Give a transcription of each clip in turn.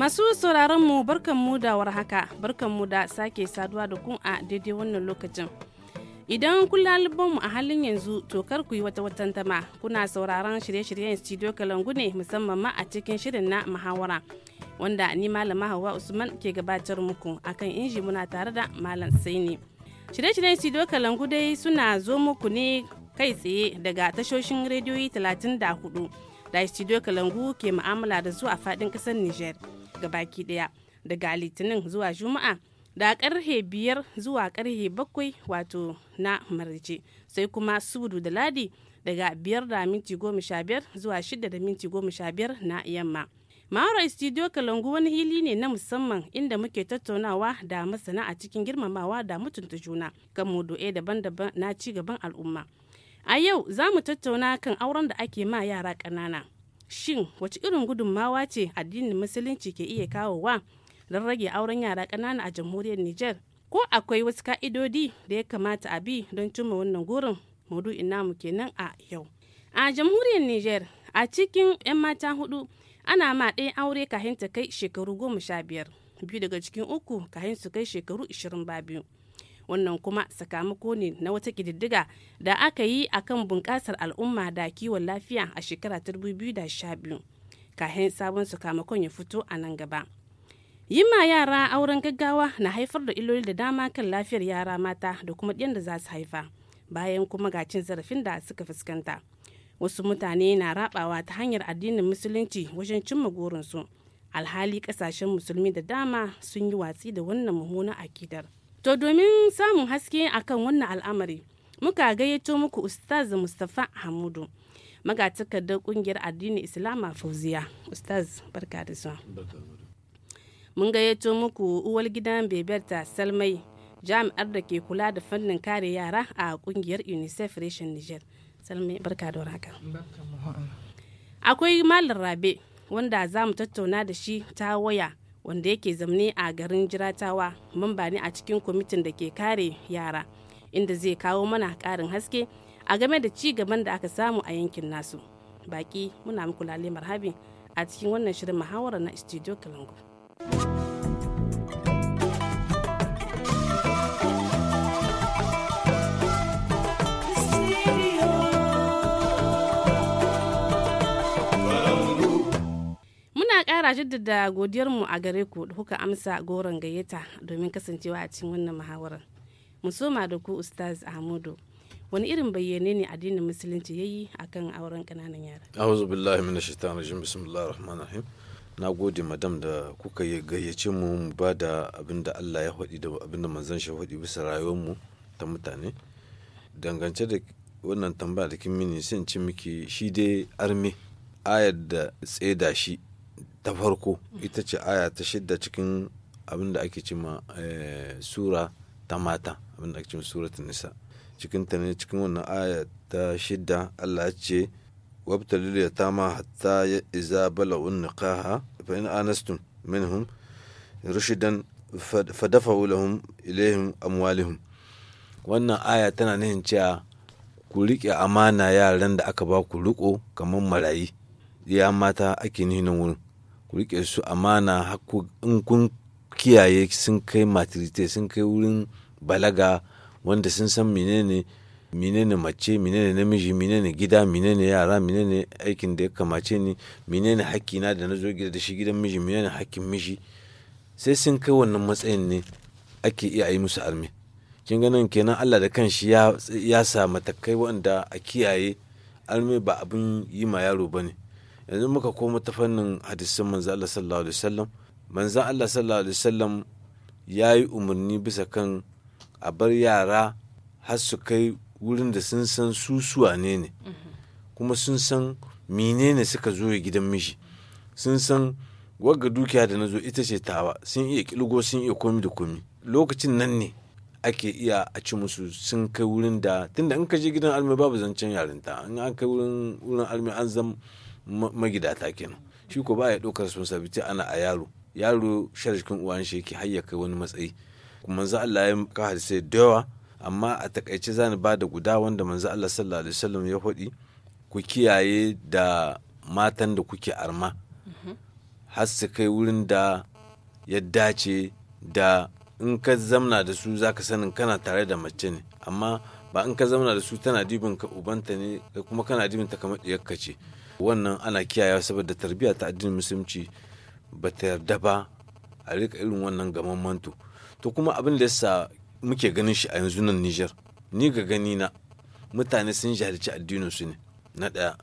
Masu sauraron mu barkan mu da warhaka, barkan mu da sake saduwa da kun a daidai wannan lokacin. Idan kun mu a halin yanzu to kar ku yi wata watantama kuna sauraron shirye-shiryen studio Kalangu ne musamman ma a cikin shirin na muhawara wanda ni malama hawa Usman ke gabatar muku akan inji muna tare da Malam Saini. Shirye-shiryen studio Kalangu dai suna zo muku ne kai tsaye daga tashoshin rediyoyi 34 da studio Kalangu ke mu'amala da su a faɗin ƙasar Niger. baki daya daga litinin zuwa juma'a da karhe biyar zuwa karhe bakwai wato na marje sai kuma sudu da ladi daga biyar da minti goma sha biyar zuwa shida da minti goma sha biyar na yamma Mahara Studio Kalangu wani hili ne na musamman inda muke tattaunawa da masana a cikin girmamawa da mutunta juna kan mudu'e daban-daban na ci gaban al'umma. A yau za mu tattauna kan auren da ake ma yara ƙanana. shin wace irin gudunmawa ce addinin musulunci ke iya kawowa don rage auren yara ƙanana a jamhuriyar niger ko akwai wasu ka'idodi da ya kamata a bi don cimma wannan gurin maudu'in mu kenan a yau a jamhuriyar niger a cikin 'yan mata hudu ana ma ɗaya aure kahin ta kai shekaru goma sha biyar biyu daga cikin uku kahin su kai shekaru ishirin ba biyu wannan kuma sakamako ne na wata ƙididdiga da aka yi a kan bunƙasar al'umma da kiwon lafiya a shekara ta 2012 kahin sabon sakamakon ya fito a nan gaba Yi ma yara auren gaggawa na haifar da iloli da dama kan lafiyar yara mata da kuma ɗiyan da za su haifa bayan kuma ga cin zarafin da suka fuskanta wasu mutane na rabawa ta hanyar addinin musulunci wajen cimma gorinsu alhali kasashen musulmi da dama sun yi watsi da wannan mummunan akidar To domin samun haske akan wannan al'amari, muka gayyato muku Ustaz Mustapha Hamudu, magatakardar kungiyar addinin Islama Fauziya. Ustaz, barka Mun gayyato muku uwar gidan Beberta Salmai, jami'ar da ke kula da fannin kare yara a kungiyar UNICEF Reshen Niger. Salmai, barka da Akwai Malam Rabe, wanda za mu tattauna da shi ta waya wanda yake zamne a garin jiratawa mamba ne a cikin kwamitin da ke kare yara inda zai kawo mana ƙarin haske a game da ci gaban da aka samu a yankin nasu baki muna muku lalemar habi a cikin wannan shirin muhawarar na studio kalangu muna jaddada godiyarmu a gare ku da kuka amsa goron gayyata domin kasancewa a cikin wannan muhawarar mu soma da ku ustaz ahmadu wani irin bayyane ne addinin musulunci yayi akan auren kananan yara a'udhu billahi minash shaitanir rajim bismillahir rahmanir rahim na gode madam da kuka gayyace mu mu bada da Allah ya faɗi da abinda manzon shi faɗi bisa rayuwar mu ta mutane dangance da wannan tambaya da kin mini sai in ci miki shi dai arme ayar da tseda shi ta farko ita ce aya ta shidda cikin abin da ake cima eh, sura ta mata abin da ake cima sura ta nisa cikin ta ne cikin wannan aya ta shidda Allah ya ce wabtalil ma hatta iza bala'un niqaha fa in anastum minhum rushidan fadafahu lahum ilaihim amwalihum wannan aya tana nihin cewa ku riƙe amana yaran da aka ba ku riƙo kamar marayi ya mata ake nihin wurin ku riƙe su amana in kun kiyaye sun kai matirite sun kai wurin balaga wanda sun san menene menene mace menene namiji menene gida menene yara menene aikin da ya kamace ni menene hakkina da na zo gida da shi gidan miji menene hakkin miji sai sun kai wannan matsayin ne ake iya yi musu almi kin ganin kenan Allah da kanshi ya sa matakai wanda a kiyaye almi ba abin yi ma yaro bane yanzu muka koma ta fannin hadisin manzo Allah sallallahu alaihi wasallam manzo Allah sallallahu alaihi wasallam ya yi umarni bisa kan a bar yara har su kai wurin da sun san su ne ne kuma sun san menene suka zo gidan miji sun san wagga dukiya da na zo ita ce tawa sun iya kilgo sun iya komi da komi lokacin nan ne ake iya a ci musu sun kai wurin da tunda in ka je gidan almai babu zancen yarinta in an kai wurin almai an zama magidata kenan shi ko ba ya ɗaukar responsibility ana a yaro yaro shar jikin uwan shi yake har ya kai wani matsayi kuma manzo Allah ya ka sai da yawa amma a takaice zani ba da guda wanda manzo Allah sallallahu alaihi wasallam ya faɗi ku kiyaye da matan da kuke arma mhm. har su kai wurin da ya dace da in ka zamna da su za ka sanin kana tare da mace ne amma ba in ka zamna da su tana dibin ka ubanta ne kuma kana dibin ta kamar ɗiyarka ce wannan ana kiyaye saboda tarbiyya ta addinin musulunci ba ta yarda ba a rika irin wannan gaman manto to kuma abin da yasa muke ganin shi a yanzu nan Niger ni ga gani na mutane sun jahilci addinin su ne na daya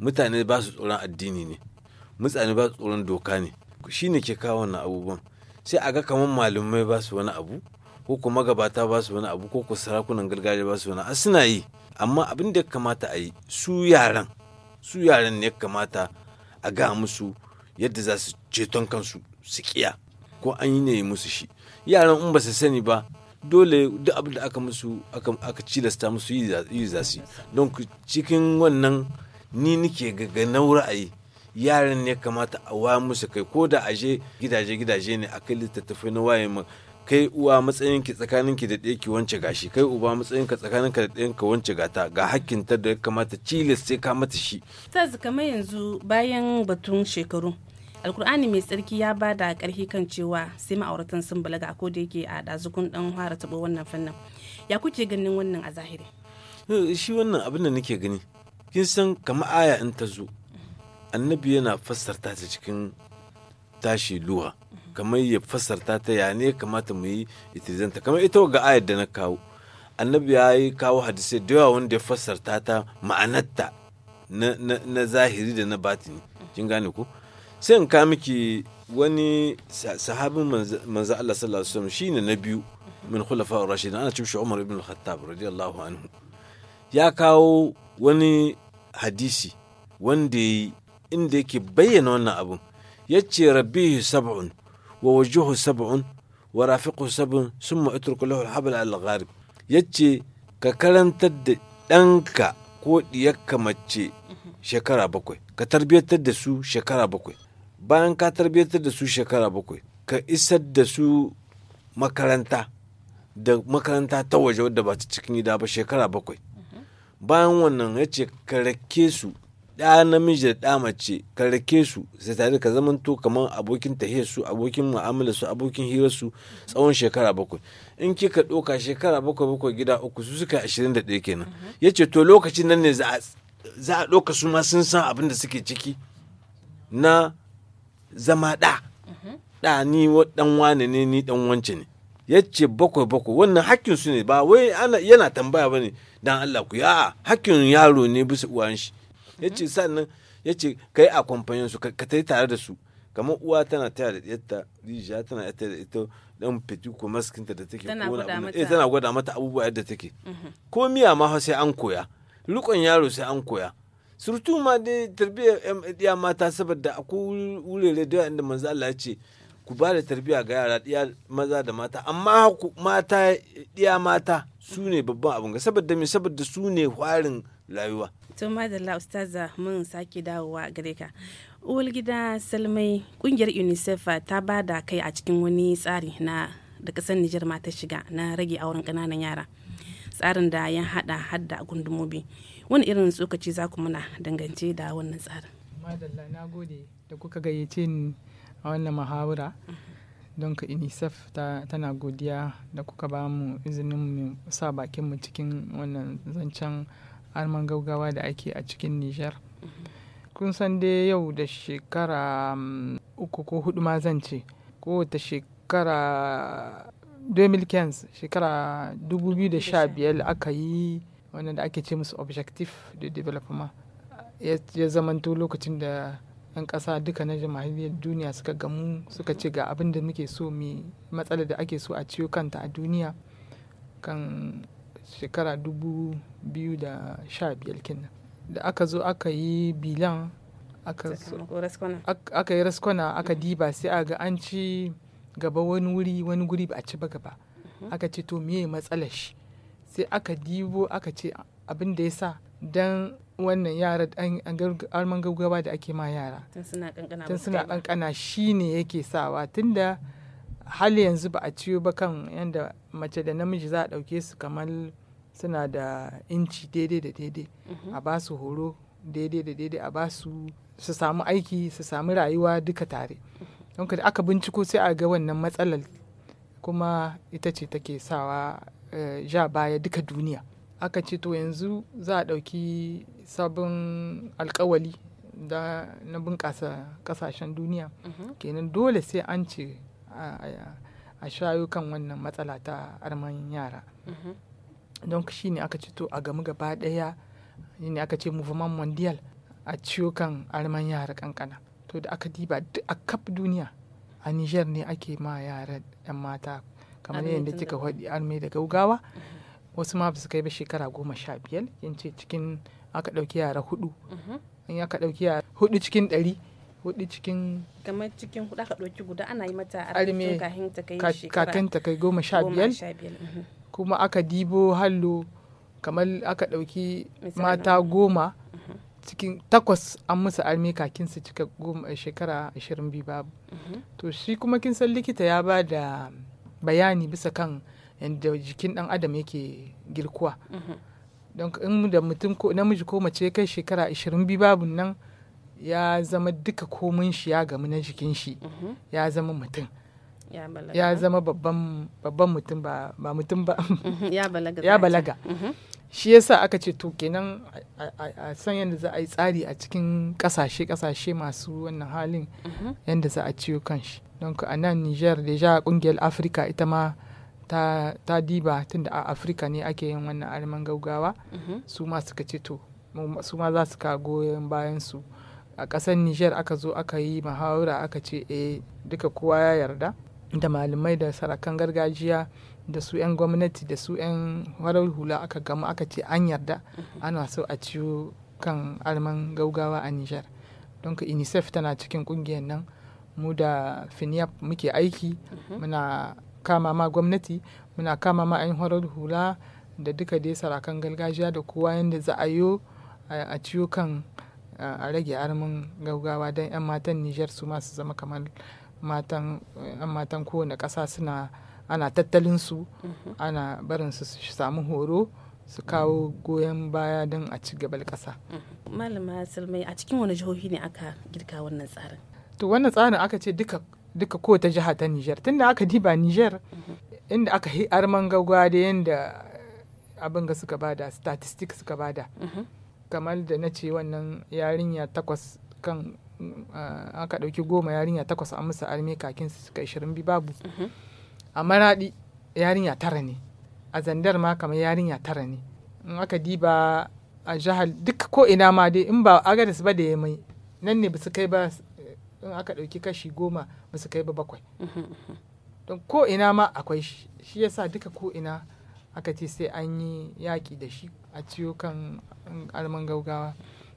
mutane ba su tsoron addini ne mutane ba su tsoron doka ne shine ke kawo wannan abubuwan sai a ga kamar malumai ba su wani abu ko kuma gabata ba su wani abu ko ku sarakunan gargajiya ba su wani a suna yi amma abin da ya kamata a yi su yaran su yaran ne kamata a ga musu yadda za su ceton kansu su kiya ko an yi ne musu shi yaran in ba su sani ba dole duk abin da aka musu aka cilasta musu yi za su don cikin wannan ni nike ga na ra'ayi yaran ne kamata a waya musu kai ko da aje gidaje gidaje ne a kai littattafai na waye kai uwa tsakanin ki da ɗaya ki wance gashi kai uba matsayinka tsakaninka da ka wance gata ga hakkin ta da ya kamata cilis sai ka mata shi saz kamar yanzu bayan batun shekaru alkur'ani mai tsarki ya ba da karfi kan cewa sai ma'auratan sun balaga ko da yake a dazukun ɗan fara taɓo wannan fannin ya kuke ganin wannan a zahiri eh, shi wannan abin da nake gani kin san kama aya in ta zo annabi yana fassarta ta cikin tashi luwa kamar ya fasarta ta ya ne kamata mu yi itirizanta kamar ita ga ayar da na kawo annabi ya yi kawo hadisai da yawa wanda ya fasarta ta ma'anarta na, zahiri da na batini kin gane ko sai in ka miki wani sahabin manzo Allah sallallahu alaihi wasallam shine na biyu min khulafa ar-rashidin ana cin Umar ibn al-Khattab radiyallahu anhu ya kawo wani hadisi wanda inda yake bayyana wannan abun yace ce rabbihi sab'un ووجهه سبع ورافقه سبع ثم اترك له الحبل على الغارب yace ka karantar da ɗanka ko ɗiyakka mace shekara bakwai ka tarbiyyatar da su shekara bakwai bayan ka tarbiyyatar da su shekara bakwai ka isar da makaranta ta waje wadda ba ta cikin gida ba shekara bakwai bayan wannan yace ce ka rake su ɗa namiji da ɗa mace ka rake su sai tare ka to kamar abokin tahiyar su abokin mu'amala su abokin hirar su tsawon shekara bakwai in kika ɗauka shekara bakwai bakwai gida uku su suka ashirin da ɗaya kenan ya ce to lokacin nan ne za a ɗauka su ma sun san abin da suke ciki na zama ɗa ɗa ni ɗan wane ne ni ɗan wance ne ya bakwai bakwai wannan hakkin su ne ba wai yana tambaya ba ne dan Allah ku ya hakkin yaro ne bisa uwan shi ya ce sannan ya ce ka yi akwamfanyan su ka ta yi tare da su kamar uwa tana ta da ɗiyarta rijiya tana ta da ita dan fiti ko maskinta da take tana eh, gwada mata abubuwa yadda take mhm. ko miya ma sai an koya lukon yaro sai an koya surtu ma dai tarbiya ya mata saboda akwai wurare da inda manzo Allah ya ce ku ba da tarbiya ga yara ɗiya maza da mata amma mata ɗiya mata su ne babban abin ga saboda me saboda su ne hwarin rayuwa to madalla ustaza mun sake dawowa gare ka salmai kungiyar unicef ta ba da kai a cikin wani tsari na da kasar nijar ma ta shiga na rage auren ƙananan yara tsarin da ya hada hadda gundumobi wani irin tsokaci za ku muna dangance da wannan tsarin madalla na gode da kuka gayyace ni a wannan muhawara don ka unicef tana godiya da kuka ba mu izinin mu sa bakin mu cikin wannan zancen alman gaugawa da ake a cikin nijar mhm. kun san dai yau da shekara mm, uku ko hudu ma zan ce ko ta shekara 2015 shekara 2015 aka yi wanda da ake ce musu objective de development ya zamanto lokacin da 'yan ƙasa duka na jamhuriyar duniya suka gamu suka ce ga abin da muke so mai matsala da ake so a ciyo kanta a duniya kan shekara dubu biyu da sha biyar kenan da aka zo aka yi bilan aka yi raskwana aka diba sai a ga an ci gaba wani wuri wani guri ba a ci ba gaba mhm. aka ce to miye matsalar shi sai aka dibo aka ce abin da ya sa don wannan yara arman gaggawa da ake ma yara tun suna kankana shi ne yake sawa tunda hal yanzu ba a ciyo ba kan yadda mace da namiji za a ɗauke su kamar suna da inci daidai da daidai mhm. a ba su horo daidai da daidai a ba su su samu aiki su samu rayuwa duka tare mhm. don da aka binciko sai a ga wannan matsalar kuma ita ce take sawa eh, ja baya duka duniya aka ce to yanzu za a ɗauki sabon alkawali na bunƙasa ƙasashen duniya mhm. kenan dole sai an ce a shayo kan wannan matsala ta arman yara mm-hmm. don shi ne aka cito to a gamu gaba daya ne aka ce movement mondial a ciyo kan arman yara kankana to da aka diba a kaf duniya a niger ne ake ma yara yan mata kamar yadda kika hudu arme da gaugawa mm-hmm. wasu ma su kai ba shekara goma sha biyar yance cikin aka ɗauki yara hudu mm-hmm. in aka ɗauki yara hudu cikin ɗari hudu cikin kamar cikin hudu aka ɗauki guda ana yi mata arme kakin ta kai goma sha biyar mhm. kuma aka dibo hallo kamar aka ɗauki mata goma mhm. cikin takwas an musu arme kakin su cika goma eh, shekara ashirin biyu babu mhm. to shi kuma kin san likita ya ba da bayani bisa kan yadda jikin dan adam yake girkuwa don in da mutum namiji ko mace kai shekara ashirin biyu babu nan ya zama duka komin shi ya gamu na jikin shi mm-hmm. ya zama mutum ya zama babban mutum ba mutum ba mm-hmm. ya balaga mm-hmm. shi yasa aka ce to kenan a san yadda za a yi tsari a cikin kasashe kasashe masu wannan halin yadda za a ciyo kan shi don a nan niger deja kungiyar afirka ita ma ta, diba diba tunda a afirka ne ake yin wannan arman gaugawa su ma suka ce to su ma za su ka goyon bayan su a ƙasar Nijar aka zo aka yi mahawara aka ce e duka kowa ya yarda da malamai da sarakan gargajiya da su 'yan gwamnati da su 'yan warar hula aka gama aka ce an yarda ana so a ciwo kan alman gaugawa a Nijar don ka unicef tana cikin ƙungiyar nan mu da finiap muke aiki muna kama ma gwamnati muna kama ma 'yan warar hula da duka dai sarakan gargajiya da kowa yadda za a yo a ciwo kan a rage armin gaugawa don 'yan matan Nijar su ma zama kamar matan 'yan matan kowane ƙasa suna ana tattalin su mhm. ana barin su su samu horo su kawo goyon baya don a ci gabal ƙasa. Mhm. Malama Salmai a cikin wani jihohi ne aka girka wannan tsarin? To wannan tsarin aka ce duka duka ta jiha ta Nijar tunda aka diba Nijar mhm. inda aka hi arman gaugawa da yanda abin ga suka bada statistics suka bada. kamar da na ce wannan yarinya takwas kan aka ɗauki goma yarinya takwas an musu arme kakin su suka ishirin bi babu mhm. a maraɗi yarinya tara ne a zandar ma kamar yarinya tara ne in aka diba a jihar duk ko ina ma dai in ba su ba da ya mai nan ne basu kai ba in aka ɗauki kashi goma basu kai ba bakwai mhm, mhm. don ko ina ma akwai shi yasa duka ko ina aka ce sai an yi yaƙi da shi a ciwo kan um, alman gaugawa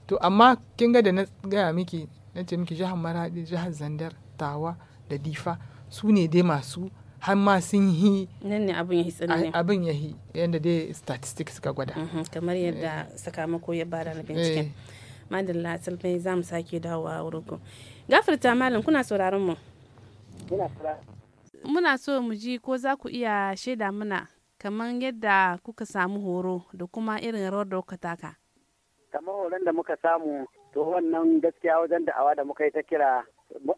to amma kin ga da na gaya miki na ce miki jihar maradi jihar zandar tawa da difa su ne dai masu har ma sun yi nan ne abin ya yi tsanani abin ya yi yadda dai statistics suka gwada mm-hmm, kamar yadda eh. sakamako ya bada na binciken eh. madalla sulfai za mu sake dawowa a wurin ku gafarta malam kuna sauraron mu muna so mu ji ko za ku iya shaida mana kamar yadda kuka samu horo da kuma irin rawar da kuka taka kamar horon da muka samu to wannan gaskiya wajen da awa da muka yi ta kira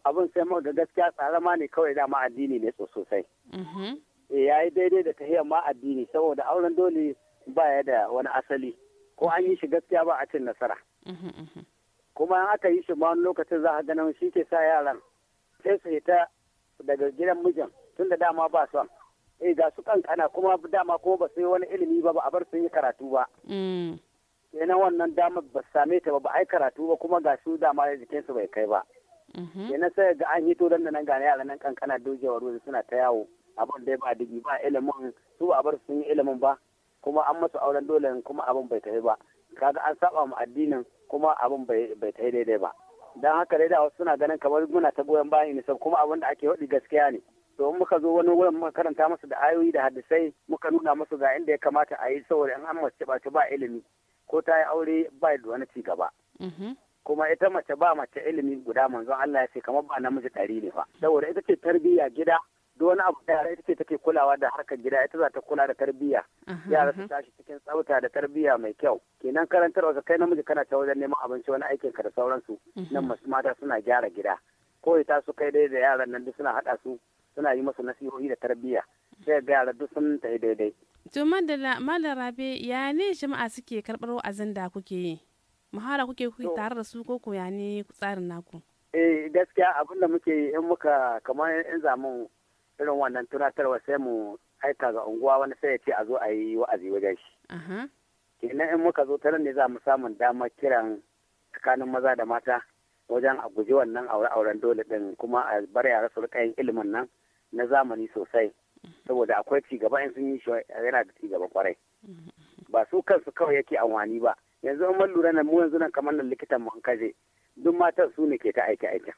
abin sai mu ga gaskiya ma ne kawai dama addini ne sosai mm-hmm. eh, ya yi daidai da tahiyar ma addini saboda auren dole ba ya da wani asali ko an yi shi gaskiya ba a cin nasara mm-hmm, mm-hmm. kuma an aka yi shi ma wani lokacin za a ganin shi ke sa yaran sai su hita daga gidan mijin tun da dama ba son eh ga su kankana kuma dama ko ba su yi wani ilimi ba ba a bar su yi karatu ba kenan mm. wannan damar ba same ta ba ba yi karatu ba kuma ga su dama jikin su bai kai ba kenan mm-hmm. sai ga an yi hito dan nan gane yaran nan kankana dojewa ruwa suna ta yawo abin dai ba digi ba ilimin su ba a bar su yi ilimin ba kuma an masu auren dole kuma abin bai kai ba kaga an saba mu addinin kuma abin bai kai daidai ba dan haka dai da wasu suna ganin kamar muna ta goyon bayan ne kuma abin da ake waɗi gaskiya ne to in muka zo wani wurin muka karanta masa da ayoyi da hadisai muka nuna masa ga inda ya kamata a yi saboda in an mace ba ta ba ilimi ko ta yi aure ba da wani ci gaba mm-hmm. kuma ita mace ba mace ilimi guda manzon Allah ya ce kamar ba namiji ɗari ne fa saboda ita ce tarbiyya gida duk wani abu da yara ita ce take kulawa da harkar gida ita za ta kula da tarbiyya mm-hmm. yara su tashi cikin tsafta da tarbiyya mai kyau kenan karantarwa kai namiji kana ta wajen neman abinci wani aikin ka da sauransu mm-hmm. nan masu mata suna gyara gida ko ta su kai dai da yaran nan duk suna haɗa su suna yi masa nasihohi da tarbiyya sai ga yaran duk sun tafi daidai. to malam rabe ya ne jama'a suke karɓar wa'azin da kuke yi muhara kuke kuke tare da su ko ko ya ne tsarin naku. eh gaskiya abin da muke yi in muka kamar in zamu irin wannan tunatarwa sai mu aika ga unguwa wani sai ya ce a zo a yi wa'azi wajen shi. kenan in muka zo ta nan ne za mu samun damar kiran tsakanin maza da mata wajen a guji wannan aure-auren dole din kuma a bar yara su rika ilimin nan na zamani sosai saboda akwai ci gaba in sun yi shi yana da ci gaba kwarai ba su kansu kawai yake amfani ba yanzu an mun lura na mu yanzu nan kamar nan likitan mu an kaje duk matan su ne ke ta aiki aikin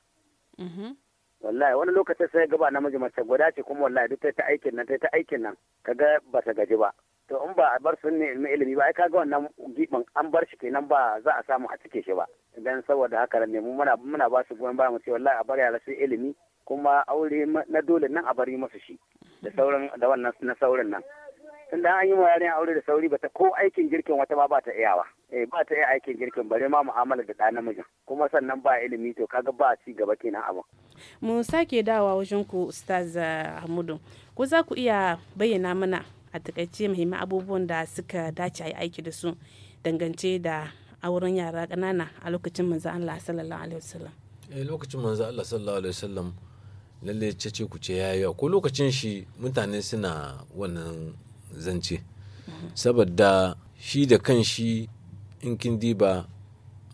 mm-hmm. wallahi wani lokacin sai gaba namiji mace guda ce kuma wallahi duk ta aikin nan ta aikin nan kaga ba ta gaji ba to in ba a bar su ne ilimi ba ai kaga wannan gibin an bar shi kenan ba za a samu a cike shi ba dan saboda haka ne mu muna muna ba su goyon baya mu ce wallahi a bar yara rasu ilimi kuma aure na dole nan a bari masa shi da sauran da wannan na sauran nan tunda an yi wa yarinya aure da sauri bata ko aikin girkin wata ma ba ta iyawa eh ba ta iya aikin girkin bare ma mu'amala da ɗa namijin kuma sannan ba ilimi to kaga ba ci gaba kenan abin mu sake dawa wajen ku ustaz eh, Ahmadu ko za ku iya bayyana mana a takaice muhimman abubuwan da suka dace a yi aiki da su dangance da a wurin yara ƙanana a lokacin manzo Allah sallallahu alaihi wasallam eh lokacin manzo Allah sallallahu alaihi wasallam lalle ce ce ku ce yayi ko lokacin shi mutane suna wannan zance mhm. saboda shi da kan shi in kin diba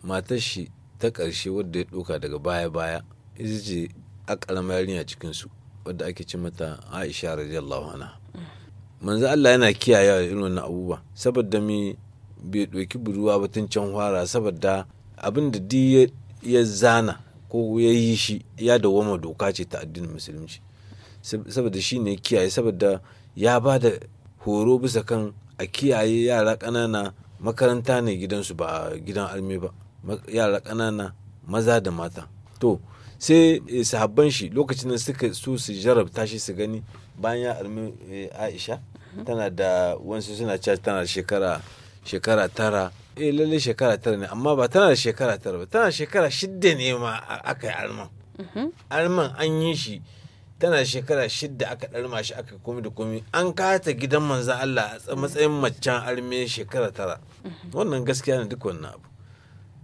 matar shi ta ƙarshe wadda ya ɗauka daga baya-baya ita ce a ƙarama yarinya cikinsu wadda ake ce mata aisha radiyallahu anha mhm. manzo Allah yana kiyaye irin wannan abubuwa saboda mi bai ɗauki budurwa ba tun can fara saboda abin da di ya zana ko ya yi shi ya dawoma doka ce ta addinin musulunci saboda shi ne kiyaye saboda ya ba da horo bisa kan a kiyaye yara ƙanana makaranta ne gidansu ba gidan almi ba yara ƙanana maza da mata to sai eh, sahabban shi lokacin da suka su su jarabta shi su gani bayan ya almi eh, aisha tana da wasu suna cewa tana shekara shekara tara eh lalle shekara tara ne amma ba tana da shekara tara ba tana shekara shidda ne ma aka yi alman mhm. alman an yi shi tana shekara shidda aka ɗarma shi aka komi da komi an kata gidan manzan Allah a matsayin macen arme shekara tara mhm. wannan gaskiya ne duk wannan abu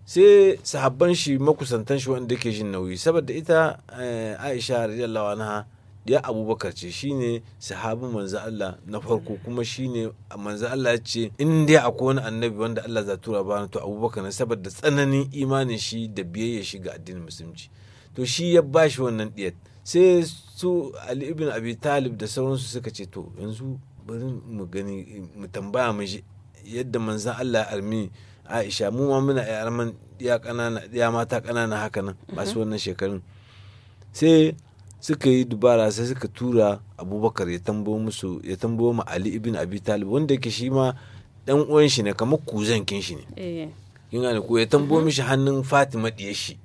sai sahabban shi makusantan shi wanda ke jin nauyi saboda ita eh, Aisha radiyallahu anha diya abubakar ce shine sahabin manzo Allah na farko kuma shine manzo Allah ya ce in dai akwai wani annabi wanda Allah za tura ba to abubakar na saboda tsananin imanin shi da biyayya shi ga addinin musulunci to shi ya ba shi wannan diyar sai su Ali ibn Abi Talib da sauransu suka ce to yanzu bari mu gani mu tambaya mu yadda manzan Allah ya armi Aisha mu ma muna ya kanana ya mata kanana haka nan masu mm-hmm. wannan shekarun sai suka yi dubara sai suka tura abubakar ya tambo musu ya tambo ma ali ibn abi talib wanda yake shi ma dan uwan shi ne kamar kuzan kin shi ne eh. kin gane ko ya tambo mishi hannun fatima diye shi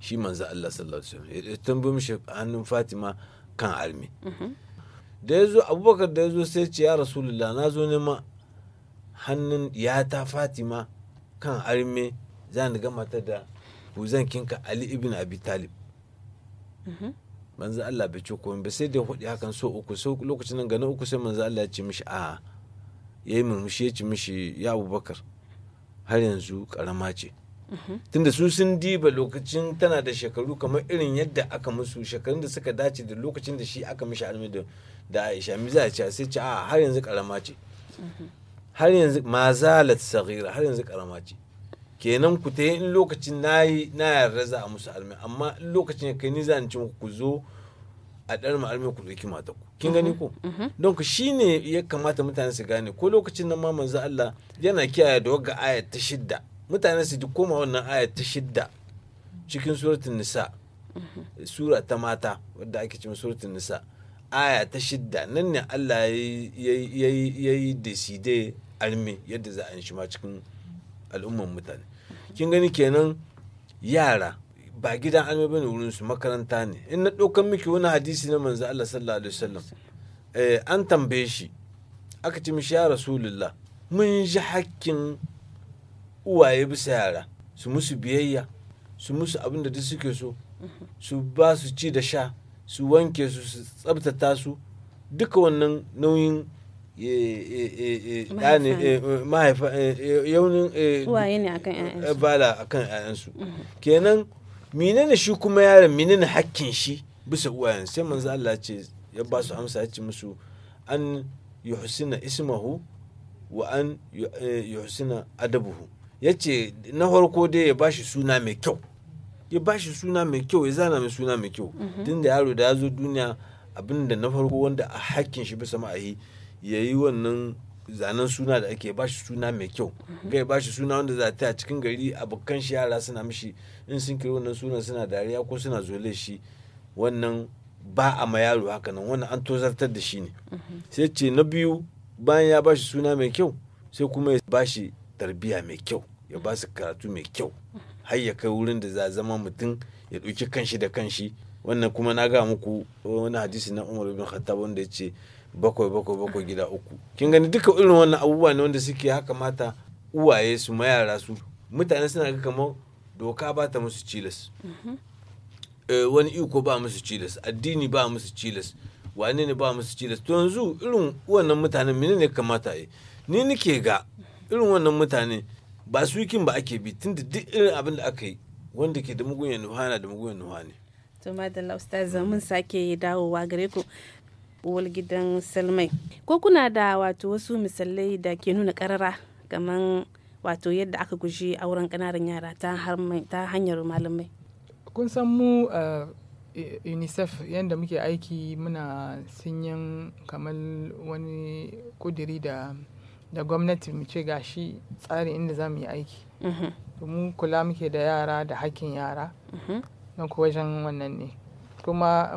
shi manzo Allah sallallahu alaihi wasallam ya tambo mishi hannun fatima kan almi mhm. da ya zo abubakar da ya zo sai ce ya rasulullah na zo neman hannun yata fatima kan arme zan ga gama ta da kuzan kinka ali ibn abi talib mhm. manzo Allah bai ce komai ba sai da hudi hakan so uku so lokacin nan gani uku sai manzo Allah ya ce mishi a ya yi murmushi ya ci mishi ya Abubakar har yanzu karama ce mhm. tunda su sun diba lokacin tana da shekaru kamar irin yadda aka musu shekarun da suka dace da lokacin da shi aka mishi almi da Aisha mi za a ce sai ce a har yanzu karama ce mhm. har yanzu mazalat saghira har yanzu karama ce kenan ku ta in lokacin na yi na yarda za a musu almi amma in lokacin ya kai ni za ci ku zo a ɗan ma armi ku ɗauki mata ku kin gani ko mm-hmm. Mm-hmm. don ku ne ya kamata mutane su gane ko lokacin nan ma manzo Allah yana kiyaye da wagga aya ta shidda mutane su ji koma wannan aya ta shidda cikin suratul nisa mm-hmm. sura ta mata wadda ake cikin suratul nisa aya ta shidda nan ne Allah ya yi side almi yadda za a yi shi ma cikin al'umman mutane kin gani kenan yara ba gidan almi bane wurin su makaranta ne in na ɗaukan miki wani hadisi na manzo Allah sallallahu alaihi wasallam eh, an tambaye shi aka ce mishi ya rasulullah mun ji hakkin uwaye bisa yara su musu biyayya su musu abin da suke so su ba su ci da sha su wanke su su tsabtata su duka wannan nauyin mahaifa yaunin uwaye ne akan yayansu eh, mhm. kenan menene shi kuma yaron menene hakkin shi bisa uwayen sai manzo Allah ce ya ba su amsa ya ce musu an yuhsina ismahu wa an eh, yuhsina adabuhu ya ce na farko dai ya bashi suna mai kyau ya bashi suna mai kyau ya zana mai suna mai kyau mhm. tun da yaro da ya zo duniya da na farko wanda a hakkin shi bisa ma'ahi ya yi wannan zanen suna da ake bashi suna mai kyau gai mhm. bashi suna wanda za ta cikin gari abokan shi yara suna mishi in sun kiri wannan suna suna dariya ko suna zole shi wannan ba a ma yaro haka nan wannan an tozartar da shi ne mhm. sai ce na biyu bayan ya bashi suna mai kyau sai kuma ya bashi tarbiya mai kyau ya ba su karatu mai kyau har ya kai wurin da za zama mutum ya ɗauki kanshi da kanshi wannan kuma na ga muku wani hadisi na umar bin khattab wanda ya ce bakwai bakwai bakwai gida uku kin gani duka irin wannan abubuwa ne wanda suke haka mata uwaye su ma yara su mutane suna ga kamar doka ba ta musu cilas mm-hmm. eh, wani iko ba musu cilas addini ba musu cilas wane ne ba musu cilas to yanzu irin wannan mutanen mene ne kamata yi ni nike ga irin wannan mutane ba su yi ba ake bi tunda duk irin abin da aka yi wanda ke da mugun ya nuhana da mugun ya nuhane to madalla ustaz mun sake dawowa gare ku uwar gidan salmai ko kuna da wato wasu misalai da ke nuna karara kamar wato yadda aka guji auren ƙananan yara ta hanyar malamai kun san mu a eh, unicef yadda muke aiki muna sinyan kamar wani kudiri da da gwamnati mu ce gashi tsari inda za mu yi aiki mm-hmm. mu kula muke da yara da hakkin yara mm-hmm. don wajen wannan ne kuma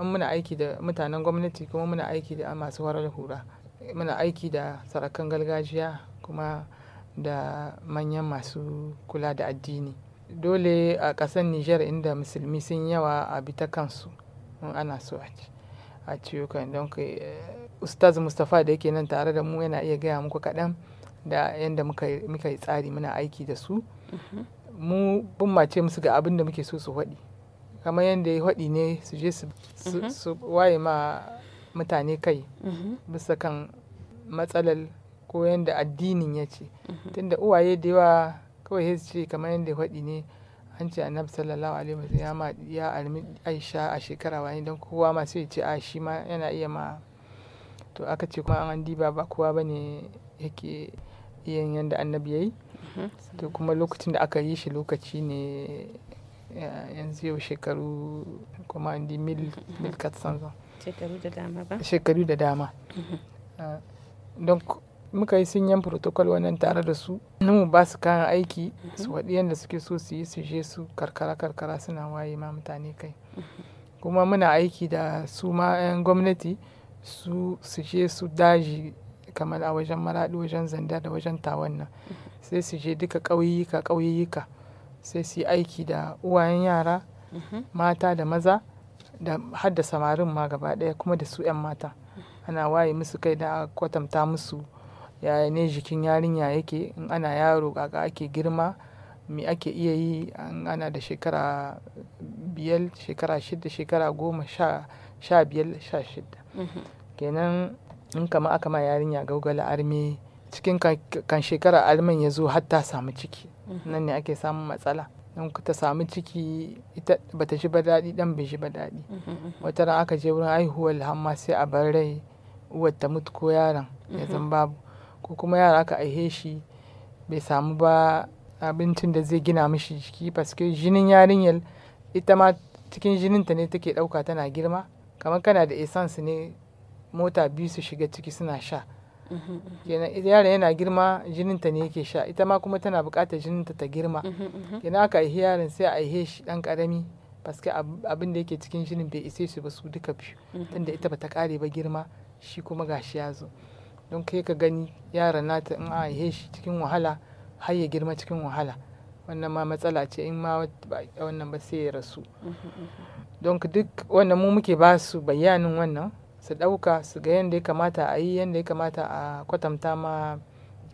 in muna aiki da mutanen gwamnati kuma muna aiki da masu warar hura muna aiki da sarakan gargajiya kuma da manyan masu kula da addini dole a ƙasar niger inda musulmi sun yawa a bi ta kansu in ana so a ciwo kan don eh, ustaz mustapha da yake nan tare da mu yana iya gaya muku kaɗan da yadda muka yi tsari muna aiki da su uhm. mu bin mace musu ga abin da muke so su faɗi kamar yadda ya haɗi ne su je mhm. su waye ma mutane kai mhm. bisa kan matsalar ko yadda addinin ya ce mhm. tunda uwaye da yawa kawai ya ce kamar yadda ya haɗi ne an ce annabi sallallahu alaihi wasallam ya almi aisha a shekara wani don kowa ma sai ce a shi ma yana iya ma to aka ce kuma an diba ba kowa bane yake yin yadda annabi yi to kuma lokacin da aka yi shi lokaci ne yanzu yau shekaru kuma di mil zan shekaru da dama ba shekaru da dama don muka yi sinyan protocol wannan tare da su mu ba su kayan aiki su waɗi yadda suke so su yi su je su karkara karkara suna waye ma mutane kai kuma muna aiki da su ma 'yan gwamnati su su je su daji kamar a wajen maraɗi wajen zanda da wajen tawan nan sai su je duka ƙauyuka ƙauyuka sai su yi aiki da uwayen yara mhm. mata da maza da har da samarin ma gaba ɗaya kuma da su 'yan mata ana waye musu kai da kwatanta musu yaya ne jikin yarinya yake in ana yaro kaka ake girma me ake iya yi an ana da shekara biyar shekara shida shekara goma sha biyar sha shida mhm. kenan in kama aka ma yarinya gaugala arme cikin kan shekara alman ya zo hatta samu ciki Mhm. nan ne ake samun matsala don ta samu ciki ita bata shi ba daɗi dan bai shi ba daɗi mhm, mhm. wata ran aka je wurin haihuwar hamma sai a bar rai uwar ta mutu ko yaron ya zan babu ko kuma yara aka aihe shi bai samu ba abincin da zai gina mishi jiki paske jinin yarinyar ita ma cikin jininta ne take ɗauka tana girma kamar kana da essence ne mota biyu su shiga ciki suna sha kenan yaron yana girma jininta ne yake sha ita ma kuma tana bukatar jininta ta girma kenan aka yi yaran sai a aihe shi ɗan karami paske abin da yake cikin jinin bai isa su ba su duka biyu tunda ita ba ta ƙare ba girma shi kuma gashi ya zo don kai ka gani yaron nata in a aihe shi cikin wahala har ya girma cikin wahala wannan ma matsala ce in ma wannan ba sai ya rasu don duk wannan mu muke ba su bayanin wannan su ɗauka su ga yadda ya kamata a yi yadda ya kamata a kwatanta ma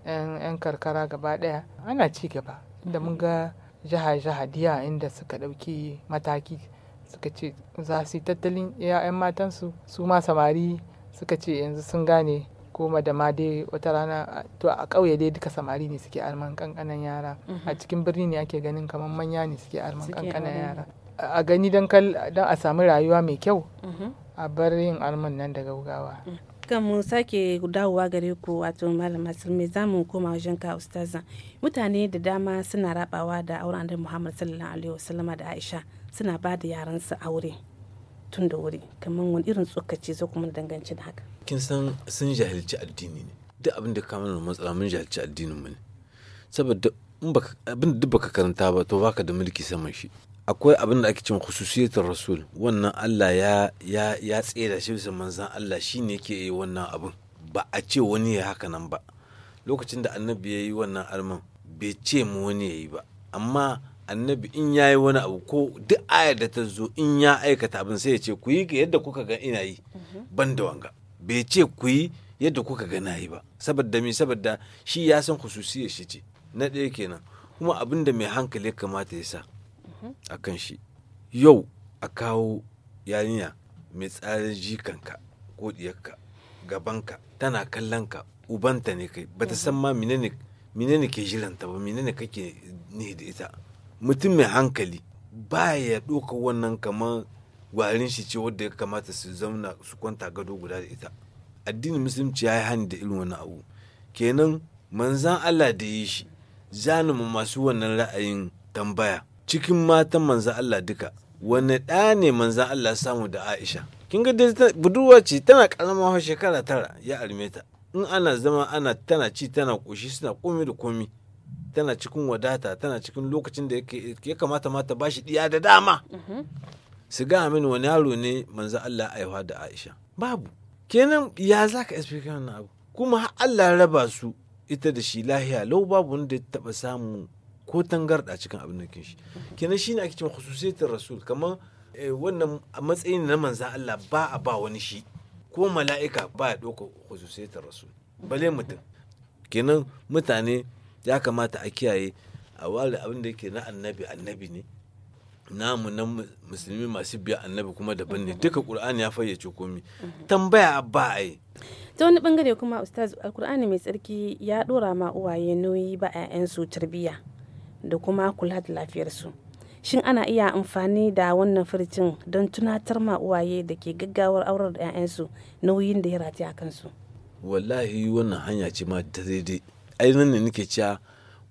'yan karkara gaba ɗaya ana ci gaba inda mun ga jiha inda suka ɗauki mataki suka ce za su yi tattalin 'ya'yan matansu su ma samari suka ce yanzu sun gane koma da ma dai wata rana to a ƙauye dai duka samari ne suke arman kankanan yara a mhm. cikin birni ne ake ganin kamar manya ne suke arman kankanan yara a gani don a samu rayuwa mai kyau mhm. a bar yin alman nan da gaugawa mm. kan mu sake dawowa gare ku wato malama sulmi za mu koma wajen ka ustaza mutane da dama suna rabawa da auren annabi muhammad sallallahu alaihi wasallam da aisha suna ba da su aure tun da wuri kamar wani irin tsokaci zo kuma danganci da haka kin san sun jahilci addini ne duk abin da ka mana matsala mun jahilci addinin mu ne saboda in baka abin da duk baka karanta ba to baka da mulki saman shi akwai abin da ake cin khususiyatar rasul wannan Allah ya ya ya tsira shi bisa manzan Allah shi ne ke yi wannan abin ba a ce wani ya haka nan ba lokacin da annabi ya yi wannan alman bai ce mu wani ya yi ba amma annabi in ya yi wani abu ko duk ayar da ta zo in ya aikata abin sai ya ce ku yi yadda kuka ga ina yi ban da wanga bai ce ku yi yadda kuka ga na yi ba saboda me saboda shi ya san khususiyar shi ce na ɗaya kenan kuma abin da mai hankali kamata ya sa a kan shi yau a kawo yarinya mai tsarin jikanka ko diyarka gabanka tana kallonka ubanta ne kai ta san ma ne ke jiranta ba ne kake ne da ita mutum mai hankali ba ya ɗauka wannan kamar warin shi ce wadda ya kamata su zauna su kwanta gado guda da ita addini musulunci ya yi hani da irin wani abu kenan manzan allah da yi shi zanumin masu wannan ra'ayin tambaya cikin matan manzan Allah duka wani ɗa ne manzan Allah samu da Aisha kin ga budurwa ce tana ƙarama shekara tara ya arme ta in ana zama ana tana ci tana ƙoshi suna komi da komi tana cikin wadata tana cikin lokacin da ya kamata mata bashi ɗiya da dama mm-hmm. su ga min wani yaro ne manzan Allah aihuwa da Aisha babu kenan ya za ka wannan abu kuma Allah raba su ita da shi lahiya lau babu wanda ya taɓa samu ko tangarda cikin abin da shi kenan shine ake cewa khususiyatul rasul kamar eh, wannan matsayin na manzo Allah ba a ba wani shi ko mala'ika ba ya doka khususiyatul rasul bale mutum kenan mutane ya kamata a kiyaye a wale abin da yake na annabi annabi ne namu na musulmi masu biya annabi kuma daban ne duka qur'ani ya fayyace komi tambaya ba ai ta wani bangare kuma ustaz alkur'ani mai tsarki ya dora ma uwaye nauyi ba 'ya'yansu tarbiyya da kuma kula da lafiyarsu shin ana iya amfani da wannan furcin don tunatar ma uwaye da ke gaggawar aurar da 'ya'yansu nauyin da ya rati a kansu wallahi wannan hanya ce ma ta daidai ainihin ne nake cewa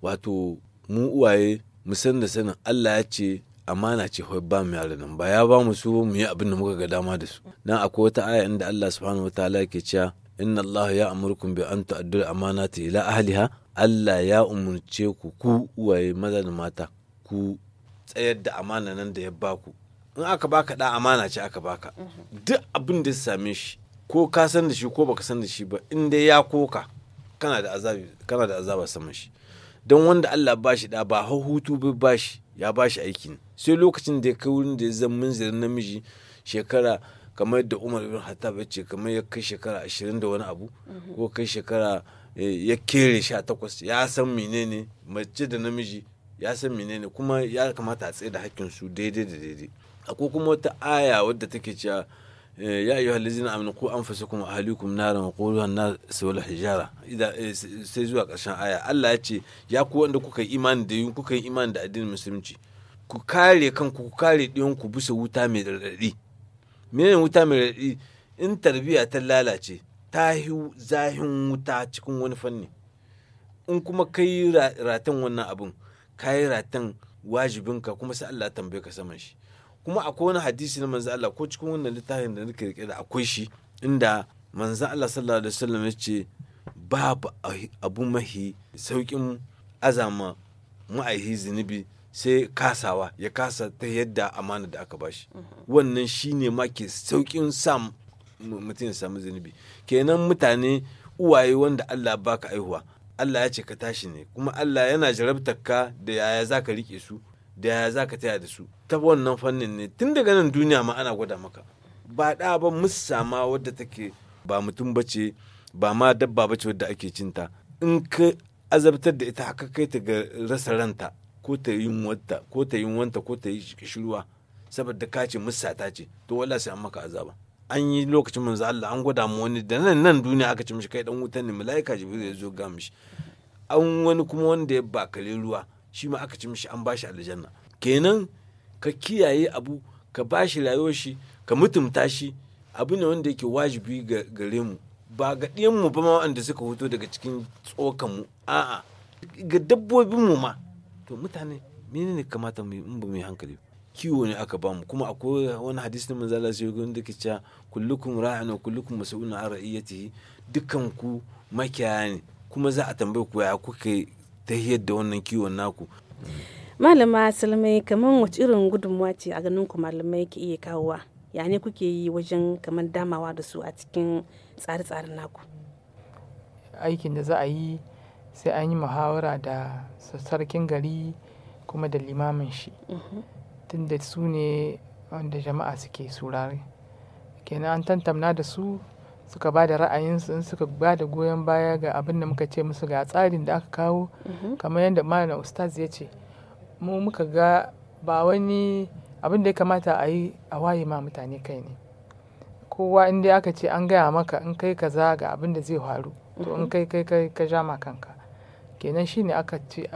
wato mu uwaye mu san da sanin Allah ya ce amana ce hoi ba mu yare nan ba ya ba mu su mu yi abin da muka ga dama da su nan akwai wata aya inda Allah subhanahu wataala ke cewa inna Allah ya amurkum bi an tu'addu amanati ila ahliha Allah ya umarce ku ku uwaye maza da mata ku tsayar da amana nan da ya baku in aka baka da amana ce aka baka duk abin da ya same shi ko ka san da shi ko baka san da shi ba in dai ya koka kana da azabi kana da azaba saman shi don wanda Allah ba shi da ba hutu ba ba shi ya ba shi aiki ne sai lokacin da ya kai wurin da ya zama munzirin namiji shekara kamar da Umar ibn Hattab ya ce kamar ya kai shekara ashirin da wani abu ko kai shekara Eh, ya kere a takwas ya san menene mace da namiji ya san menene kuma ya kamata a tsaye da su daidai da daidai akwai kuma wata aya wadda take cewa eh, ya ayyuha an fasa ku anfusakum ahlikum naran quluha an na wal hijara eh, sai zuwa karshen aya Allah ya ce ya ku wanda kuka yi imani da yi kuka imani da addinin musulunci ku kare kanku ku kare ɗiyan ku bisa wuta mai raɗaɗi menene wuta mai raɗaɗi in tarbiyya ta lalace ta zahin wuta cikin wani fanni in kuma ka yi ratan wannan abin ka yi ratan wajibinka kuma sai Allah tambaye ka saman shi kuma akwai wani hadisi na manzo Allah ko cikin wannan littafin da nake rike da akwai shi inda manzo Allah sallallahu alaihi wasallam ya ce babu abu mahi saukin azama ma'aihi zunubi sai kasawa ya kasa ta yadda amana da aka bashi mhm. wannan shine ma ke saukin sam mutum ya samu zunubi kenan mutane uwaye wanda Allah baka aihuwa Allah ya ce ka tashi ne kuma Allah yana jarabtar ka da yaya zaka rike su da yaya zaka taya da su ta wannan fannin ne tun daga nan duniya ma ana gwada maka ba da ba musama wadda take ba mutum bace ba ma dabba bace wadda ake cinta in ka azabtar da ita haka kai ta ga rasa ranta ko ta yi wanta ko ta yi wanta ko ta yi shiruwa saboda ka ce musata ce to wala sai an maka azaba an yi lokacin manzo Allah an gwada mu wani da nan nan duniya aka ci mishi kai dan wutan ne malaika jibril ya zo ga mishi an wani kuma wanda ya bakale ruwa shi ma aka ci mishi an bashi aljanna kenan ka kiyaye abu ka bashi rayuwar shi ka mutumta shi abu ne wanda yake wajibi gare mu ba ga mu ba ma wanda suka hoto daga cikin tsokan mu a'a ga dabbobin mu ma to mutane menene kamata mu in ba mu yi hankali ba kiwo ne aka bamu kuma akwai wani hadisi na manzala sai sai da ke cewa kullukum ra'in wa kullukum mas'ulun an ra'iyatihi dukkan ku makiyaya ne kuma za a tambaye ku ya kuka tahiyar da wannan kiwon naku malama salmai kamar wace irin gudunmuwa ce a ganin ku malamai ke iya kawowa ya ne kuke yi wajen kamar damawa da su a cikin tsare-tsaren naku aikin da za a yi sai an yi muhawara da sarkin gari kuma da limamin shi mhm. tunda su ne wanda jama'a suke surare Kenan an tantamna da su suka ba da ra'ayinsu in suka ba da goyon baya ga abin da muka ce musu ga tsarin da aka kawo mm-hmm. kamar yadda malam Ustaz ya ce. Mu muka ga ba wani abin da ya kamata a yi a waye ma mutane kai ne. Kowa inda aka ce an gaya maka in kai kaza ga abin da zai faru to in mm-hmm. kai kai kai ka jama kanka. Kenan shine aka ce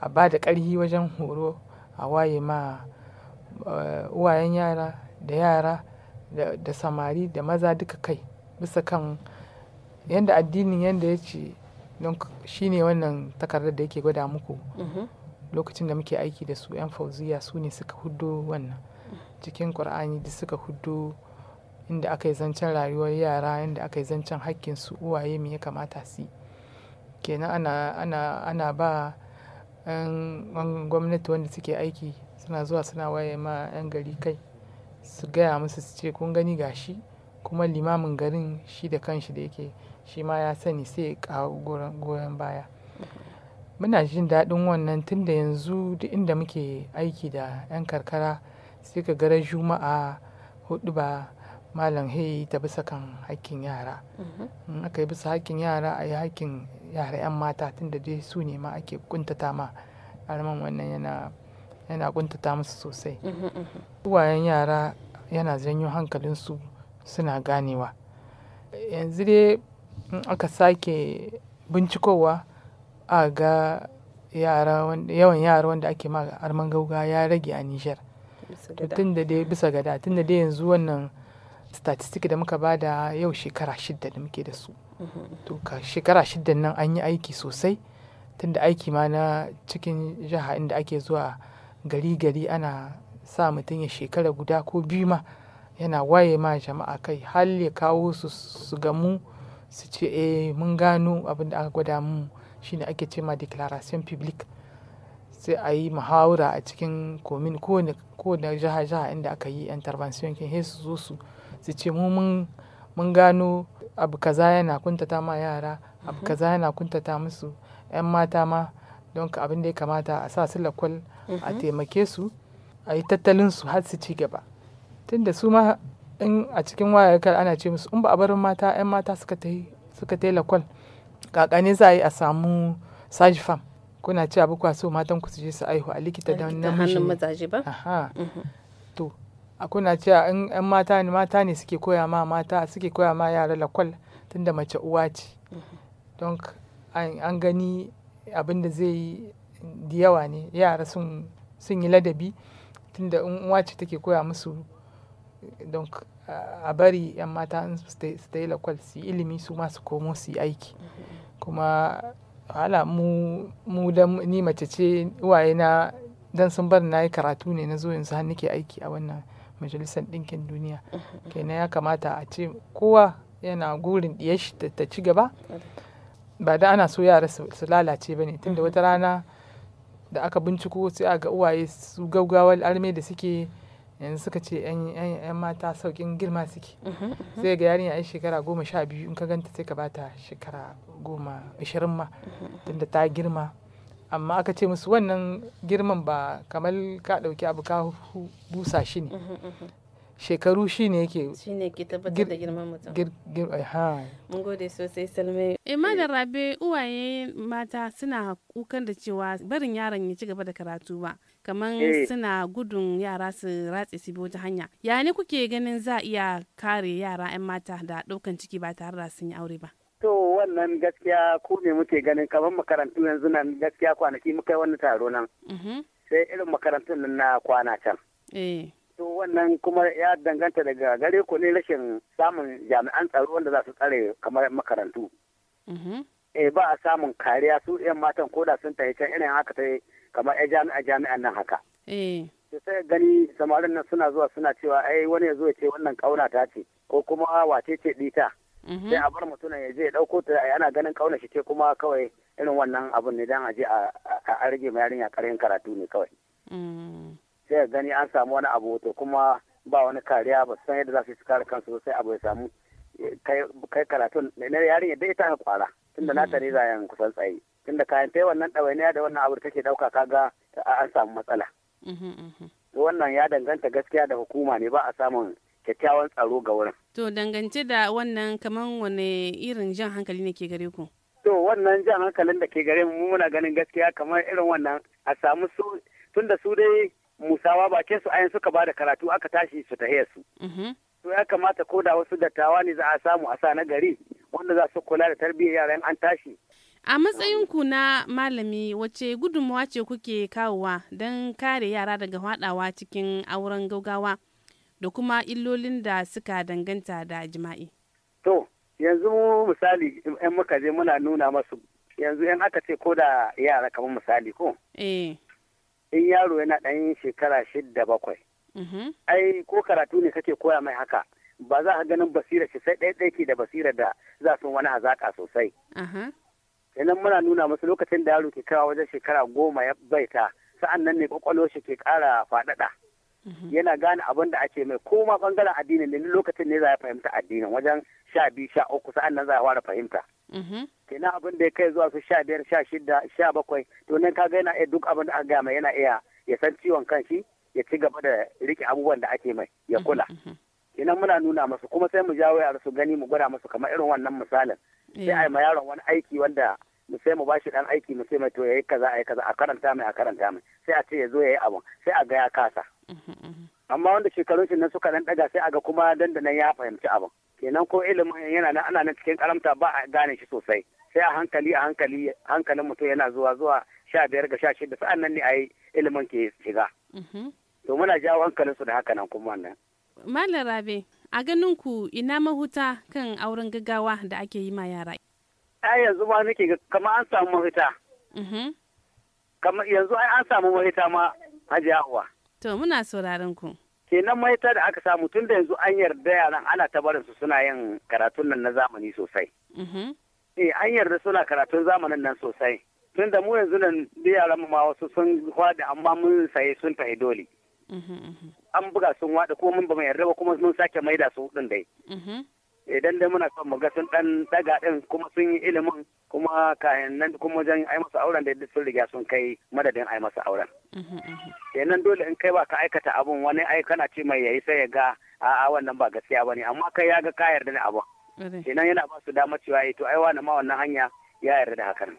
a ba da ƙarfi wajen horo. a waye ma eh, uwayen yara da yara da samari da maza duka kai bisa kan yadda addinin yadda ya ce shi ne wannan takardar da yake gwada muku mm-hmm. lokacin da muke aiki da su 'yan fauziya su ne suka hudu wannan cikin ƙur'ani da suka hudu inda aka yi zancen rayuwar yara inda aka yi zancen hakkin su uwaye me ya kamata su kenan ana ba 'yan gwamnati wanda suke aiki suna zuwa suna waye ma 'yan gari kai su gaya musu su ce kun gani gashi kuma limamin garin shi da kanshi da yake shi ma ya sani sai ya kawo goyon baya. Muna jin daɗin wannan tun da yanzu duk inda muke aiki da 'yan karkara sai ka gara juma'a hudu ba malam hei ta bisa kan hakkin yara. Mm-hmm. In aka yi bisa hakkin yara a yi hakkin yara 'yan mata tunda dai su ne ma ake kuntata ma karamin wannan yana kuntata musu sosai uhm, uhm, uhm, uwayen yara yana janyo hankalinsu suna ganewa yanzu dai aka sake bincikowa a ga yawan yara wanda ake ma arman gauga ya rage a nijar tun da dai bisa gada tun da dai yanzu wannan statistics da muka bada yau shekara shidda da muke da su mm-hmm. to ka shekara shidda nan an yi aiki sosai tunda aiki ma na cikin jiha inda ake zuwa gari gari ana sa mutum ya shekara guda ko biyu ma yana waye ma jama'a kai har ya kawo su su gamu su ce eh mun gano abin da aka gwada mu shine ake ce ma declaration public sai a yi muhawara a cikin komin kowane jiha jiha inda aka yi intervention kin su zo su su ce mu mun gano abu kaza yana kuntata ma yara abu mhm. kaza yana kuntata musu 'yan mata ma don ka abin da ya kamata a sa su lakwal a mhm. taimake su a yi tattalin su har su ci gaba tunda su ma in a cikin wayar kar ana ce musu in ba a barin mata 'yan mata suka ta suka ta lakwal kakane za a yi a samu sage farm kuna ci abu kwaso matan ku su je su aihu a likita da na hannun ba mhm. to kuna cewa in yan mata ne mata ne suke koya ma mata suke koya ma yara lakwal tunda mace uwa ce don an gani abin da zai yi da yawa ne yara sun yi ladabi tunda in uwa ce take koya musu don a bari yan mata su ta yi lakwal su yi ilimi su masu komo su yi aiki kuma hala mu da ni mace ce uwaye na dan sun bar na yi karatu ne na zo yanzu har nake aiki a wannan majalisar ɗinkin duniya kenan ya kamata a ce kowa yana gurin shi ta ci gaba ba da ana so yara su lalace ba ne tunda mm-hmm. wata rana da aka binciko sai a ga uwaye su gaugawar arme da suke yanzu suka ce yan mata saukin girma suke mm-hmm. sai ga yarinya yan shekara goma sha biyu in ka ganta sai ka bata shekara goma ashirin ma mm-hmm. tunda ta girma amma aka ce musu wannan girman ba kamar ka ɗauki abu ka busa shi ne mhm, mhm. shekaru shi ne yake shi ne ke tabbatar da girman mutum eh, mun gode sosai da eh, rabe uwaye mata suna kukan da cewa barin yaron ya ci gaba da karatu ba kamar eh. suna gudun yara su ratse su bi hanya ya ne kuke ganin za iya kare yara 'yan mata da ɗaukan ciki ba tare da sun yi aure ba wannan gaskiya ku ne muke ganin kamar makarantu yanzu nan gaskiya kwanaki muka yi wani taro nan. Mhm. Sai irin makarantun nan na kwana can. Eh. To wannan kuma ya danganta daga gare ku ne rashin samun jami'an tsaro wanda za su tsare kamar makarantu. Mhm. Eh ba a samun kariya su 'yan matan koda sun tafi can irin haka ta kamar ya jami'a jami'an nan haka. Eh. sai gani samarin nan suna zuwa suna cewa ai wani ya zo ya ce wannan kauna ta ce ko kuma wace ce dita Mhm. sai a bar mutum ya je dauko ɗauko ta ana ganin kauna shi ce kuma kawai irin wannan abun ne dan a je a rage ma yarinya karin karatu ne kawai mm. sai a gani an samu wani abu to kuma ba wani kariya ba san yadda za su kare kansu sai abu ya samu kai karatun na yarinya dai ita kwara tunda na tare mm. kusan tsaye tunda kayan tai wannan ɗawainiya da wannan abu take ɗauka kaga an samu matsala mhm, mhm. wannan ya danganta gaskiya da hukuma ne ba a samun kyakkyawan tsaro ga wurin. To dangance da wannan kaman wani irin jan hankali ne ke gare ku? To wannan jan hankalin da ke gare mu muna ganin gaskiya kamar irin wannan a samu su tun da su dai musawa bakin su ayin suka bada karatu aka tashi su ta su. Mm-hmm. To ya kamata ko da wasu dattawa ne za a samu a sa na gari wanda za su kula da tarbiyyar yaran an tashi. A matsayin na malami wace gudunmawa ce kuke kawowa don kare yara daga haɗawa cikin auren gaugawa da kuma illolin da suka danganta da jima'i. To, yanzu misali yan muka je muna nuna masu yanzu yan aka ce ko da yara kamar misali ko? Eh. In yaro yana ɗan shekara shidda bakwai. Mhm. Ai, ko karatu ne kake koya mai haka. ba za a ganin basira shi sai ɗaya ɗaya ke da basira da za su wani hazaƙa sosai. Yanan muna nuna masu lokacin da yaro ke kawo wajen shekara goma ya baita sa'an nan ne kwakwalwar shi ke ƙara faɗaɗa. Mhm. yana gane abin da ake mai ko ma bangaren addinin ne lokacin ne za ya fahimta addinin wajen sha biyu sha uku sa'an nan za ya fara fahimta mhm. kenan abin da ya kai zuwa su sha biyar sha shida sha bakwai to nan kaga yana iya duk abin da aka gaya yana iya ya san ciwon kanshi ya ci gaba da rike abubuwan da ake mai ya mhm, kula kenan muna nuna masu kuma sai mu jawo yara su gani mu gwada masu kamar irin wannan misalin sai a yi ma yaron wani aiki wanda mu sai mu bashi dan aiki mu sai mai to yayi kaza a yi kaza a karanta mai a karanta mai sai a ce ya zo ya yi abun sai a ga ya kasa amma wanda shekarun shi na suka dan daga sai aga kuma dandanan ya fahimci abin kenan ko ilimin yana nan ana nan cikin karamta ba a gane shi sosai sai a hankali a hankali hankalin mutum yana zuwa zuwa sha biyar ga sha shida sa'an nan ne a yi ilimin ke shiga mhm. to muna jawo hankalin su da haka nan kuma wannan malam rabe a ganin ku ina mahuta kan auren gaggawa da ake yi ma yara ai yanzu ma nake kama an samu mahuta mhm. yanzu ai an samu mahuta ma hajiya huwa To muna sauraron ku. Kenan maita da aka samu tun da yanzu an yarda yaran ana ta barin su suna yin karatun nan na zamani sosai. Mm-hmm. Eh an yarda suna karatun zamanin nan sosai. Tun da mu yanzu nan da yaran mu ma wasu sun kwada amma mun saye sun tafi dole. Mm-hmm, mm-hmm. An buga sun wada ko mun ba mu yarda ba kuma mun sake maida su din dai. idan dai muna son muga sun dan daga din kuma sun yi ilimin kuma kayan nan kuma wajen ai masa auren da sun riga sun kai madadin ai masa auren kenan dole in kai ba ka aikata abun wani ai kana ce mai yayi sai ya ga a'a wannan ba gaskiya ne amma kai ya ga ka yarda da abun kenan yana ba su dama cewa eh, to ai wani ma wannan hanya ya yarda da hakan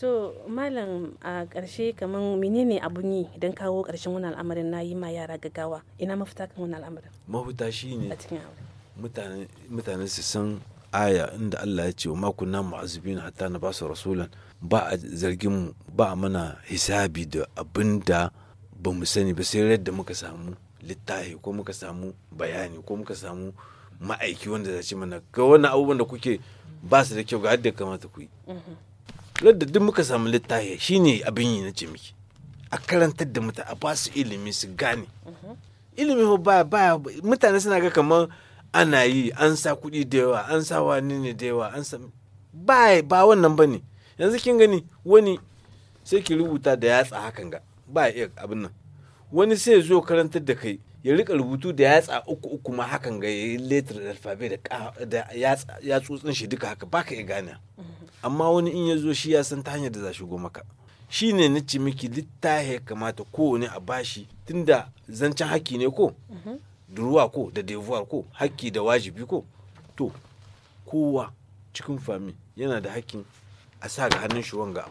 to malam a ƙarshe kamar menene abun yi don kawo ƙarshen wani al'amarin na yi ma yara gaggawa ina mafita kan wani al'amarin mafita shi ne a cikin aure mutane su san aya inda Allah ya ce wa makunna mu'azzibin hatta na basu rasulan ba a zargin mu ba a mana hisabi da abin da ba mu sani ba sai yadda muka samu littafi ko muka samu bayani ko muka samu ma'aiki wanda zai ce mana ga wani abubuwan da kuke ba su da kyau ga yadda kamata ku yi yadda mm-hmm. duk muka samu littafi shine abin yi na ce a karantar da mutane a ba su ilimi su gane mm-hmm. ilimi ba baya mutane suna ga kamar ana yi an sa kuɗi da yawa an sa wani ne da yawa an sa ba ba wannan bane yanzu kin gani wani sai ki rubuta da yatsa hakan ga ba iya abin nan wani sai zo karantar da kai ya rika rubutu da yatsa uku uku ma hakan ga ya letter alfabe da ya tsotsin shi duka haka baka iya gane mm-hmm. amma wani in ya zo shi ya san ta hanyar da za shigo maka shi ne na ci miki littahi kamata kowane a bashi tunda zancen haki ne ko mm-hmm. duruwa ko da devoir ko hakki da wajibi ko to kowa cikin fami yana da hakkin a sa ga hannun shi wanga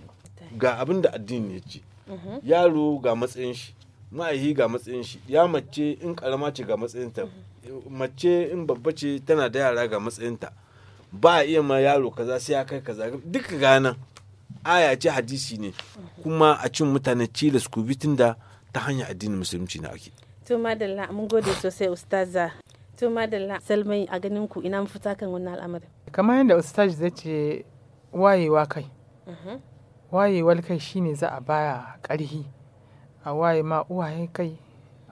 ga abin da addini ya ce mhm. yaro ga matsayin shi ma'ahi ga matsayin shi ya mace in karama ce ga matsayin ta mhm. mace in babba ce tana da yara ga matsayin ta ba a iya ma yaro kaza sai ya kai kaza duka ganan aya ce hadisi ne mhm. kuma a cin mutane cilas bitin da ta hanyar addinin musulunci na ake to madalla mun gode sosai ustaza to madalla salmai a ganin ku ina mafita kan wannan al'amarin kamar yadda ustaz zai ce wayewa kai mhm. wayewar kai shine za a baya ƙarhi a waye ma uwaye kai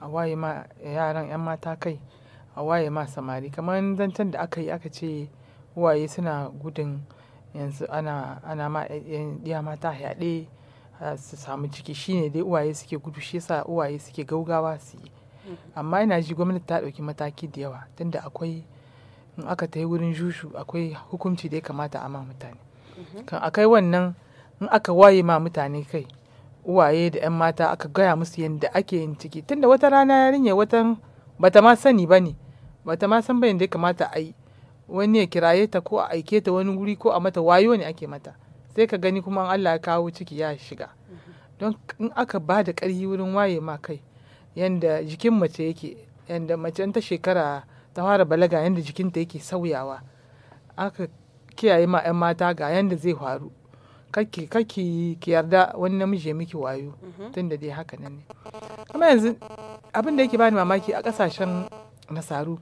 a waye ma yaran 'yan mata kai a waye ma samari kamar zancen da aka yi aka ce uwaye suna gudun yanzu ana ana ma ya mata yaɗe su samu ciki shine dai uwaye suke gudu shi yasa uwaye suke gaugawa su yi Amma yana ji gwamnati ta ɗauki mataki da yawa tunda akwai in aka yi wurin jushu akwai hukunci da ya kamata a ma mutane. Mhm. Kan akai wannan in aka waye ma mutane kai, uwaye da 'yan mata aka gaya musu yadda ake yin ciki. Tunda wata rana yarinya watan bata ma sani ba ne, bata ma san ba da ya kamata a yi. Wani ya kiraye ta ko a aike ta wani wuri ko a mata wayo ne ake mata. Sai ka gani kuma in Allah ya kawo ciki ya shiga. Mhm. Don in aka ba da ƙarfi wurin waye ma kai yanda jikin mace yake yanda mace ta shekara ta fara balaga yanda jikinta yake sauyawa aka kiyaye ma 'yan mata ga yanda zai faru kake kake ki yarda wani namiji miki wayo mhm. tunda dai haka nan ne kuma yanzu abin da yake bani mamaki a kasashen nasaru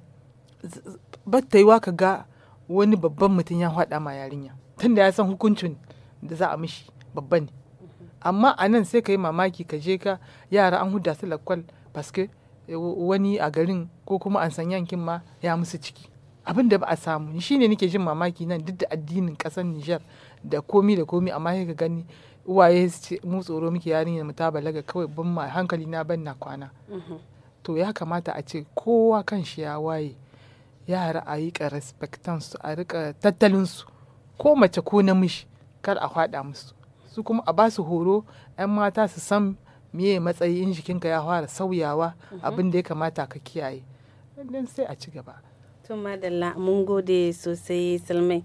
batta yiwa ka ga wani babban mutum ya faɗa ma yarinya tunda ya san hukuncin da za a mishi babba ne mhm. amma a nan sai ka yi mamaki ka je ka yara an huda su lakwal paske eh, wani a garin ko kuma an san yankin ma ya musu ciki abin da ba a samu shine nake jin mamaki nan duk da addinin kasar Nijar da komi da komi amma ya ka gani uwaye su ce mu tsoro muke yarinya mu ta balaga kawai ban ma hankali na ban na kwana mhm. to ya kamata a ce kowa kan shi ya waye yara a yi ka su a rika tattalin su ko mace ko namiji kar a faɗa musu su kuma a ba su horo 'yan mata su san miye matsayin jikinka ya fara sauyawa mhm. abin da ya kamata ka kiyaye don sai a ci gaba to madalla mun gode sosai salmai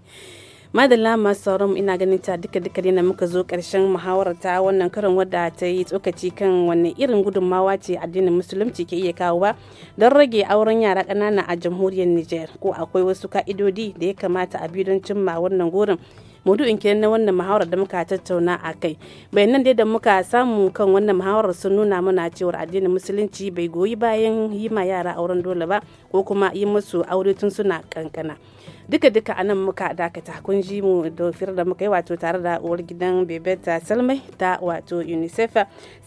madalla masu sauran ina ganin ta duka duka yana muka zo karshen muhawarar ta wannan karin wadda ta yi tsokaci kan wani irin gudunmawa ce addinin musulunci ke iya kawo ba don rage auren yara ƙanana a jamhuriyar niger ko akwai wasu ka'idodi da ya kamata a bi don cimma wannan gurin maudu'in kenan na wannan muhawarar da muka tattauna a kai bayanan da muka samu kan wannan muhawarar sun nuna mana cewa addinin musulunci bai goyi bayan yi ma yara auren dole ba ko kuma yi musu aure tun suna kankana duka duka anan muka dakata kun ji mu da firar da muka yi wato tare da uwar gidan bebeta salmai ta wato unicef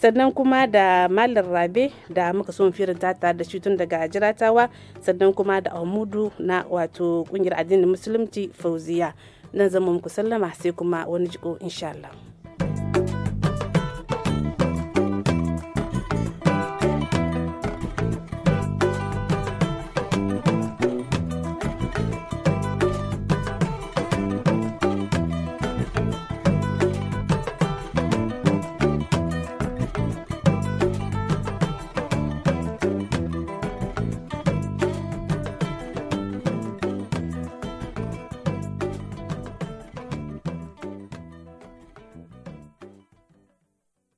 sannan kuma da malam rabe da muka son firin ta tare da shutun daga jiratawa sannan kuma da amudu na wato kungiyar addinin musulunci fauziya nan zama muku sallama sai kuma wani jiko insha Allah.